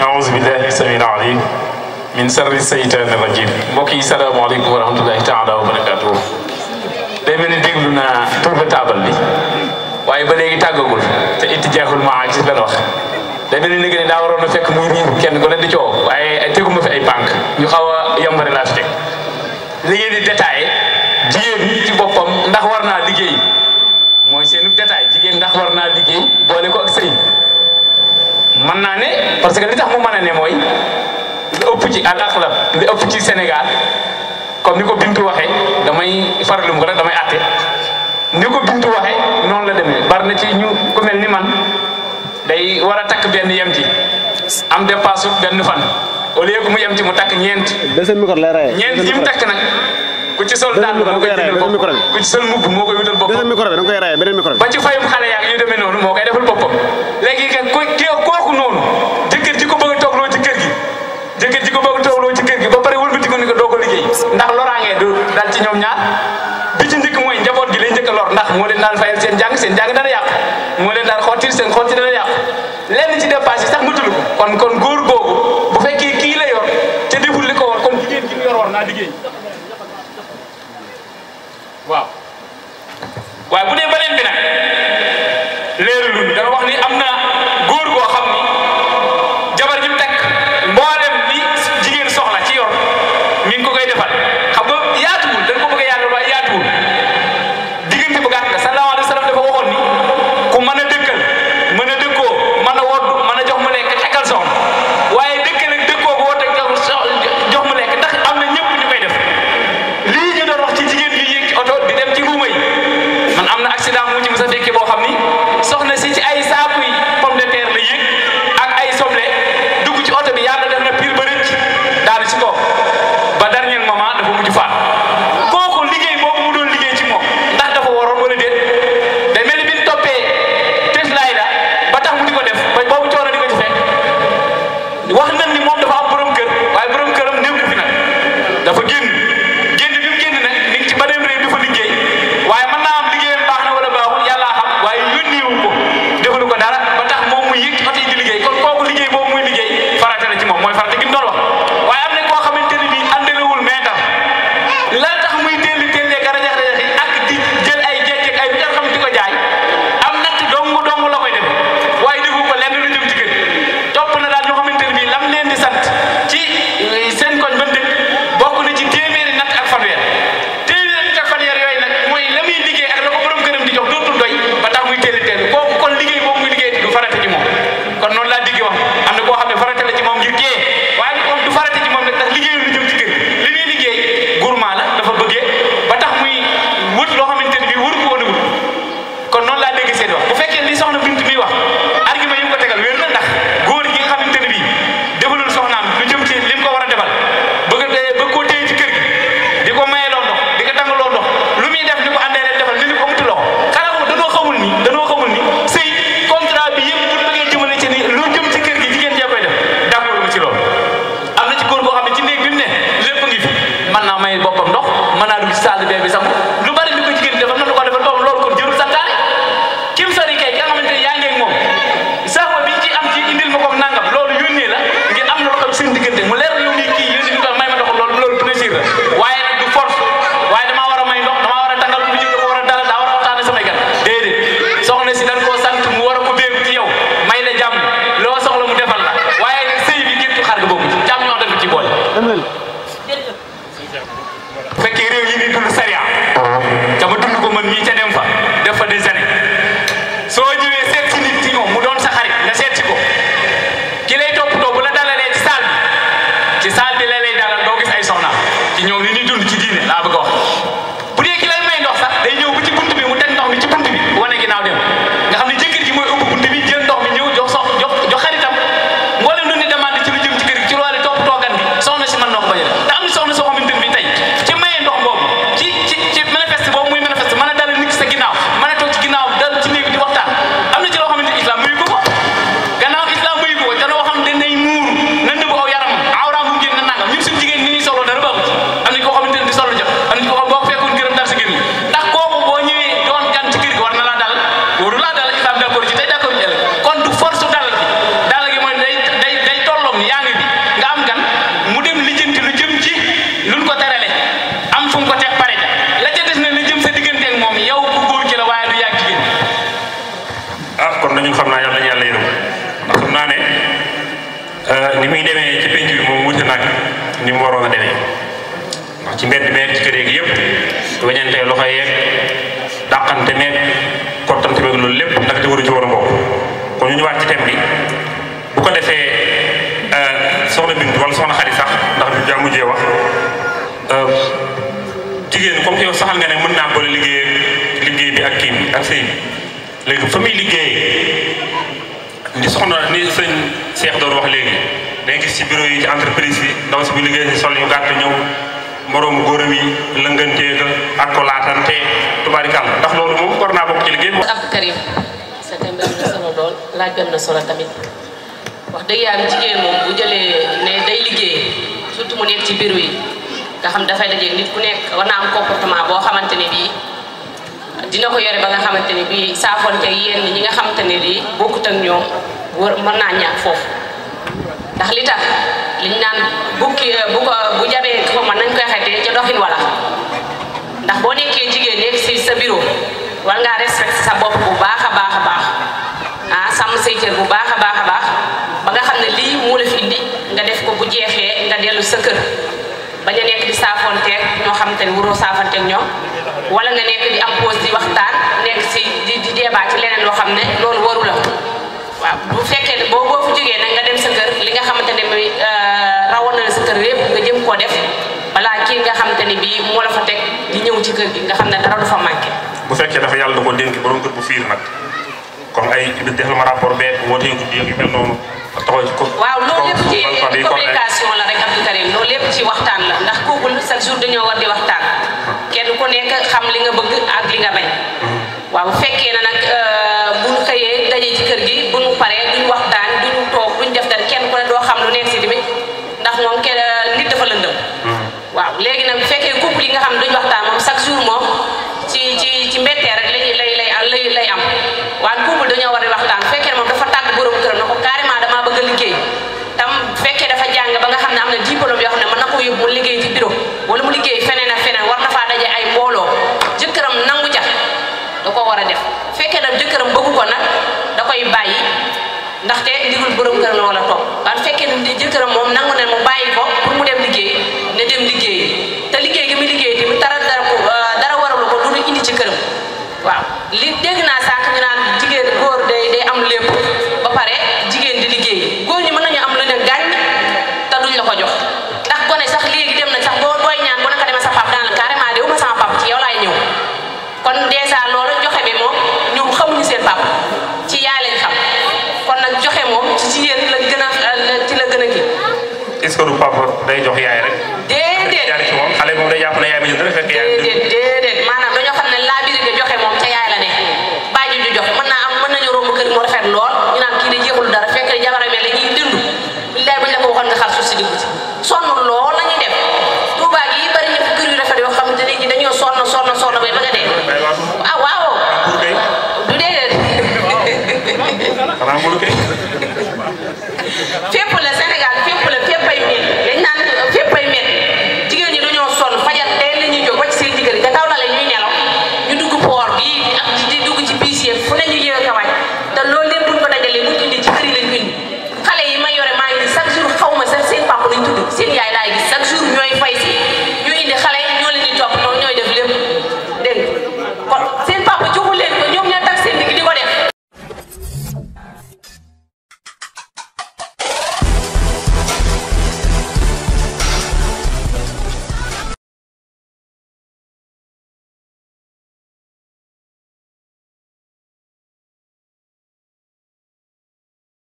aouzu billahi samil alim min sarri seytaani rajim mbokk yi salaamaaleykum wa rahmatullahi taala wa barakatuhu day mel ni déglu naa tur bi taabal bi waaye ba léegi tàggagul te itti jeexul ma gis lan wax day mel ni daa waroon a fekk muy ruur kenn ku ne di coow waaye teguma fi ay pànk ñu xaw a yombare laa fi teg li ngeen di détaillé jigéen ci boppam ndax war naa liggéey mooy seenu détail jigéen ndax war naa liggéey boole ko ak sëy mën naa ne parce que li tax mu mën ne mooy li ëpp ci al axlab ëpp ci Sénégal comme ni damay day war a takk benn yem ci am dépasse benn fan au lieu que mu yem ci mu takk ñeent. benn micro lay rey. ñeent yi mu takk nag. ku ci sol daal moo koy jëndal boppam ku ci sol mbubb moo koy wutal boppam. beneen micro bi da nga koy rayee beneen micro bi. ba ci fayum xale yaak yu demee noonu moo koy defal boppam léegi kat ku kii kooku noonu jëkkër ji ko bëgg a toogloo ci kër gi jëkkër ji ko bëgg a toogloo ci kër gi ba pare wëlbati ko ni ko doo ko liggéey ndax loraangee du dal ci ñoom ñaar bi ci njëkk mooy njaboot gi lay njëkk a lor ndax moo leen daal fayal seen jàng seen jàng dana yàqu moo leen daal xottil seen xotti dana yàqu kon kon ci saal bi kon nañu xam naa yàlla nañu yàlla yërëm ndax xam naa ne euh, ni muy demee ci penc bi moom wuute nag ni mu waroon a demee ndax ci mbedd meeg ci kër yeeg yëpp weñante loxo yeeg dàqante meeg kottante meeg loolu lépp ndax di waru ci war a bokk kon ñu ñëwaat ci thème bi bu ko defee euh, soxna Bintu wala soxna Xadi sax ndax bi daa mujjee wax euh, jigéen comme que yow saxal nga mën naa boole liggéey liggéey bi ak kii ak sëy léegi fa muy liggéeyee ni soxna ni sëñ Cheikh doon wax léegi day gis si bureau yi ci entreprise yi ndaw si bu liggéey si sol yu gàtt ñëw moroomu góoram yi lëngantee ak ko laatante tubaarikàlla ndax loolu moom war naa bokk ci liggéey. Abdou moom bu liggéey surtout mu nekk ci bureau yi nga xam dafay daje nit ku nekk war na am comportement boo xamante ne bii. dina ko yore ba nga xamante ni bii saafonte yenn ñi nga xamante ne bii bokkut ak ñoom wër mën naa ñàkk foofu ndax li tax liñ naan bukki eh, bu ko bu jabee ko man nañ koy xetee ca doxin wala ndax boo nekkee jigéen nekk si sa bureau war ngaa respecté sa bopp bu baax a baax a baax ah sàmm say cër bu baax a baax a baax ba nga xam ne lii moo la fi indi nga def ko bu jeexee nga dellu sa kër bañ a nekk di saafonteeg ñoo xamante ne waroo saafonteeg ñoom wala nga nekk di am pause di waxtaan nekk si di di débat ci leneen loo xam ne loolu waru la waaw bu fekkee ne boo boo nag nga dem sa li euh, nga xam ne dara du fa manqué. bu fekkee dafa yàlla da ko dénk borom kër bu fiir nag comme ay bi defal ma rapport bee wootee guddi ak yu mel noonu. waaw loolu lépp ci communication la rek Abdou Karim loolu lépp ci waxtaan la ndax couple chaque jour dañoo war di waxtaan kenn ko nekk xam li nga bëgg ak li nga bañ mm-hmm. waaw bu fekkee na nag euh, buñ xëyee daje ci kër gi buñ paree duñ waxtaan duñ toog duñ def dara kenn ku ne doo xam lu ndax moom kenn euh, nit dafa lëndëm mm-hmm. waaw léegi nag bu fekkee couple yi nga xam duñ waxtaan moom chaque jour moom ci ci ci mbettee rek lay lay lay lay am waaye couple dañoo war di waxtaan bu fekkee moom dafa tàgg borom këram na ko bëgg a liggéey tam bu fekkee dafa jàng ba nga xam ne am na diplôme yoo xam ne mën na koo yóbbu mu liggéey ci bureau wala mu liggéey feneen ak feneen war na daje ay mbooloo jëkkëram nangu ca da ko war a def fekkee nag jëkkëram da koy bàyyi ndaxte ndigul borom këram la wala toog waaye bu fekkee ne jëkkëram moom nangu ne mu bàyyi ko pour mu dem liggéey ne dem liggéey te liggéey gi mu liggéey tamit dara dara ko dara waralu ko lu indi ci këram waaw li dégg naa sànq ñu naan jigéen góor day est-ce que du papa day jox yaay rek